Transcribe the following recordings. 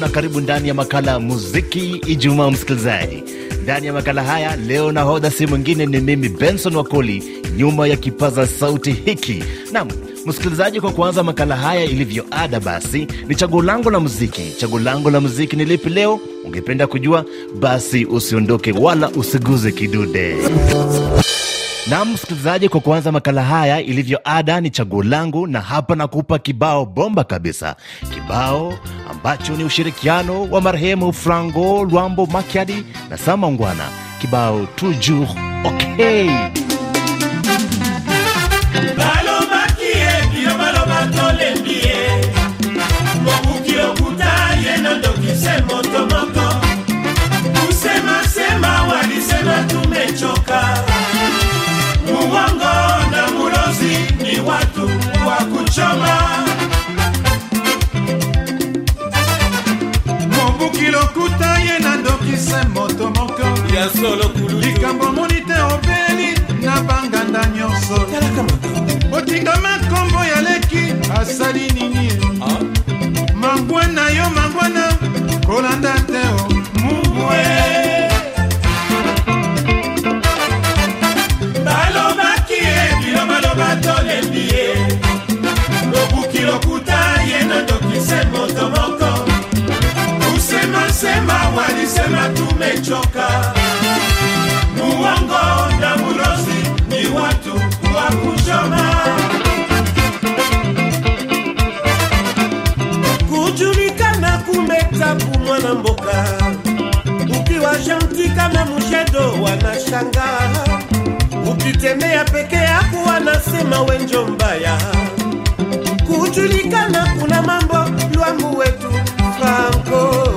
na karibu ndani ya makala muziki Ijumaa, msikilizaji. Ndani ya makala haya leo, nahodha si mwingine ni mimi Benson Wakoli, nyuma ya kipaza sauti hiki nam Msikilizaji, kwa kuanza makala haya ilivyo ada basi ni chaguo langu la muziki. Chaguo langu la muziki ni lipi leo? Ungependa kujua? Basi usiondoke wala usiguze kidude. Na msikilizaji, kwa kuanza makala haya ilivyo ada, ni chaguo langu, na hapa nakupa kibao bomba kabisa, kibao ambacho ni ushirikiano wa marehemu frango Luambo Makiadi na Sama kibao toujours okay. solo kululu likambo limbangu mwana mboka ukiwa janti kama mushedo wanashanga ukitembea peke yako wanasema wenjo mbaya kujulikana kuna mambo lwangu wetu franko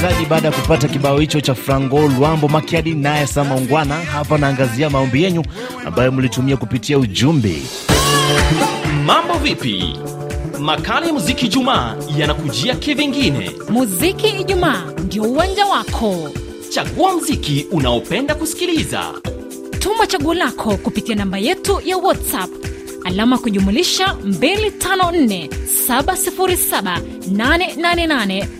msikilizaji, baada ya kupata kibao hicho cha frango Luambo Makiadi naye Sama Ungwana, hapa naangazia maombi yenyu ambayo mlitumia kupitia ujumbe. Mambo vipi? Makala ya muziki Ijumaa yanakujia kivingine. Muziki Ijumaa ndio uwanja wako. Chagua mziki unaopenda kusikiliza, tuma chaguo lako kupitia namba yetu ya WhatsApp alama kujumulisha 254 707 888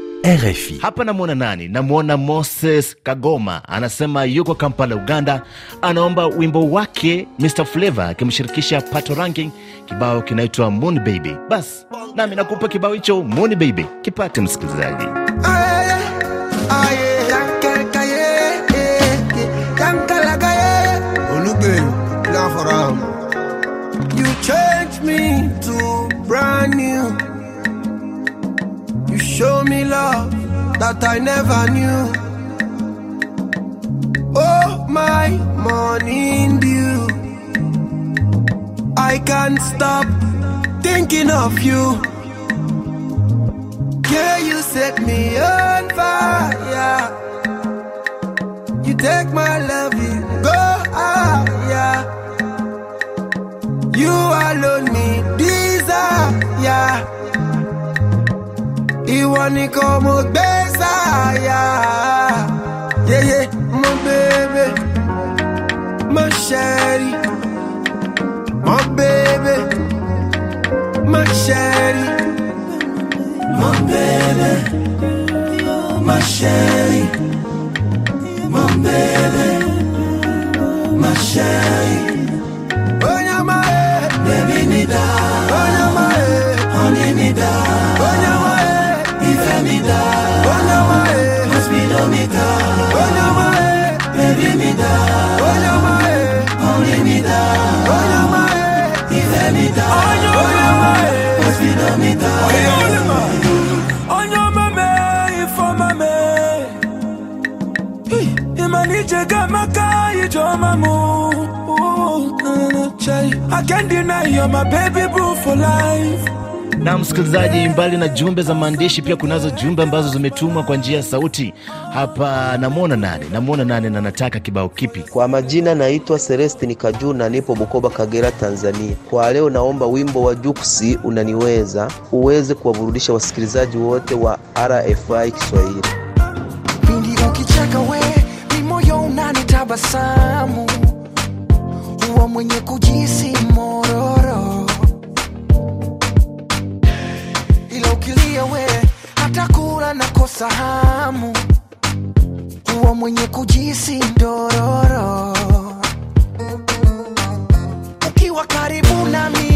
RFI. Hapa namwona nani? Namwona Moses Kagoma, anasema yuko Kampala, Uganda. Anaomba wimbo wake Mr Flavour akimshirikisha Pato Ranking, kibao kinaitwa Moon Baby. Basi nami nakupa kibao hicho Moon Baby, kipate msikilizaji. Show me love that I never knew. Oh, my morning dew. I can't stop thinking of you. Yeah, you set me on fire. You take my love. my baby, my Sherry, my baby, my Sherry, my baby, my Sherry. DJ uh, uh, I can't deny you're my baby boo for life na msikilizaji, mbali na jumbe za maandishi, pia kunazo jumbe ambazo zimetumwa kwa njia ya sauti. Hapa namwona nane, namwona nane na nataka kibao kipi? Kwa majina naitwa Celestini Kajuu na nipo Bukoba, Kagera, Tanzania. Kwa leo naomba wimbo wa Juksi unaniweza uweze kuwaburudisha wasikilizaji wote wa RFI Kiswahili. tabasamu huwa mwenye kujisi mororo, ila ukilia we hata kula na kosa hamu, huwa mwenye kujisi ndororo ukiwa karibu nami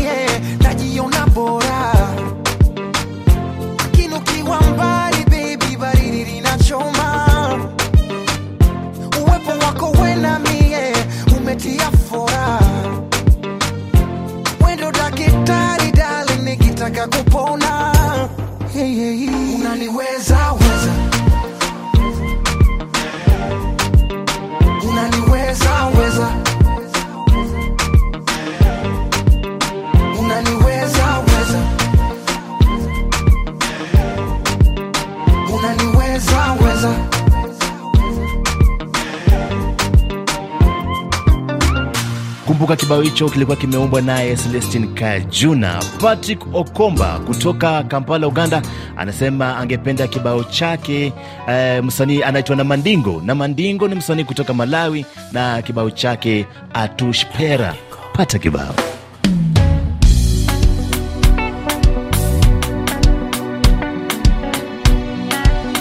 Kumbuka kibao hicho kilikuwa kimeumbwa naye Celestin Kajuna. Patrick Okomba kutoka Kampala, Uganda, anasema angependa kibao chake eh, msanii anaitwa Namandingo. Namandingo ni msanii kutoka Malawi na kibao chake Atushpera. Pata kibao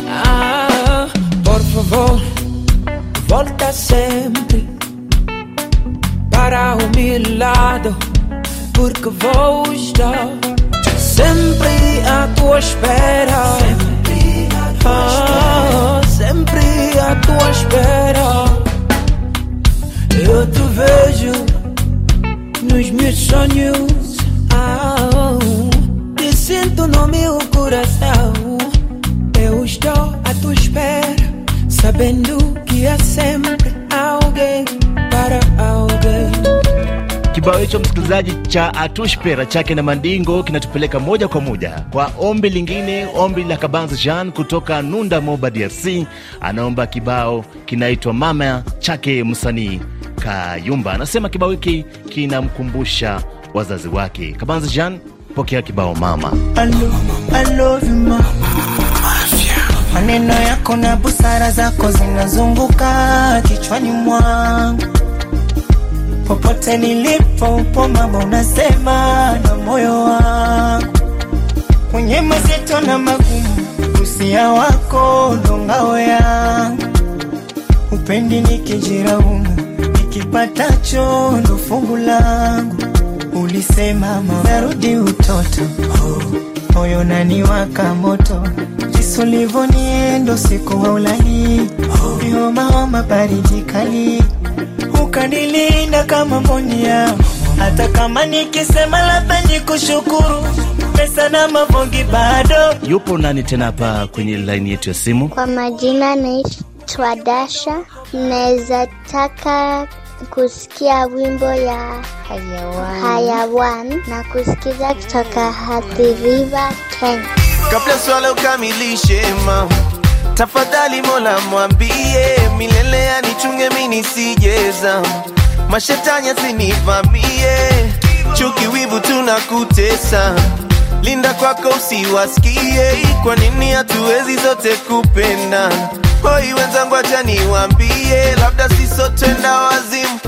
ah, por favor, volta sempre cara humilhado, porque vou estar sempre à tua espera. Sempre à tua ah, espera. Ah, sempre à tua espera. Eu te vejo nos meus sonhos. Ah, te sinto no meu coração. Eu estou à tua espera, sabendo que é sempre Kibao hicho msikilizaji, cha atushpera chake na Mandingo kinatupeleka moja kwa moja kwa ombi lingine, ombi la Kabanzi Jean kutoka Nunda Moba, DRC. Anaomba kibao kinaitwa Mama chake msanii Kayumba. Anasema kibao hiki kinamkumbusha wazazi wake. Kabanzi Jean, pokea kibao mama. mama. Maneno yako na busara zako zinazunguka kichwani mwangu popote nilipo upo mama, unasema na moyo wangu kwenye mazito na magumu, usia wako ndo ngao yangu, upendi nikijiraumu, nikipatacho ndo fungu langu. Ulisema narudi utoto, oh, moyo oh, naniwaka moto jisulivoniendo siku wa oh, homa homa baridi kali ukanilinda kama mbonya, hata kama nikisema labda nikushukuru pesa na mavongi bado. Yupo nani tena hapa kwenye laini yetu ya simu? Kwa majina naitwa Dasha. Naweza taka kusikia wimbo ya Hayawan, Hayawan na kusikiza kutoka Hathi River, Kenya. Kabla swala ukamilishe mama Tafadhali Mola mwambie milele anichunge mimi nisijeza, mashetani asinivamie, chuki wivu tunakutesa, linda kwako usiwasikie. Kwa nini hatuwezi zote kupenda? Hoi wenzangu, acha niwaambie, labda sisi sote na wazimu,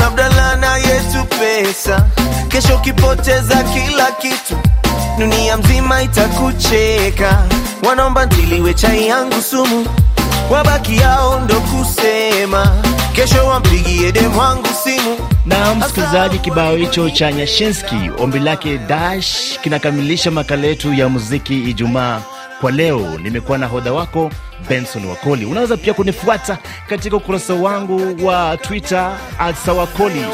labda lana yetu pesa, kesho ukipoteza kila kitu dunia mzima itakucheka. Wanaomba ndiliwe chai yangu sumu, wabaki yao ndo kusema kesho wampigie demu wangu simu. Na msikilizaji, kibao hicho cha Nyashinski ombi lake Dash kinakamilisha makala yetu ya muziki Ijumaa kwa leo. Nimekuwa na hodha wako Benson Wakoli. Unaweza pia kunifuata katika ukurasa wangu wa Twitter at Sawakoli.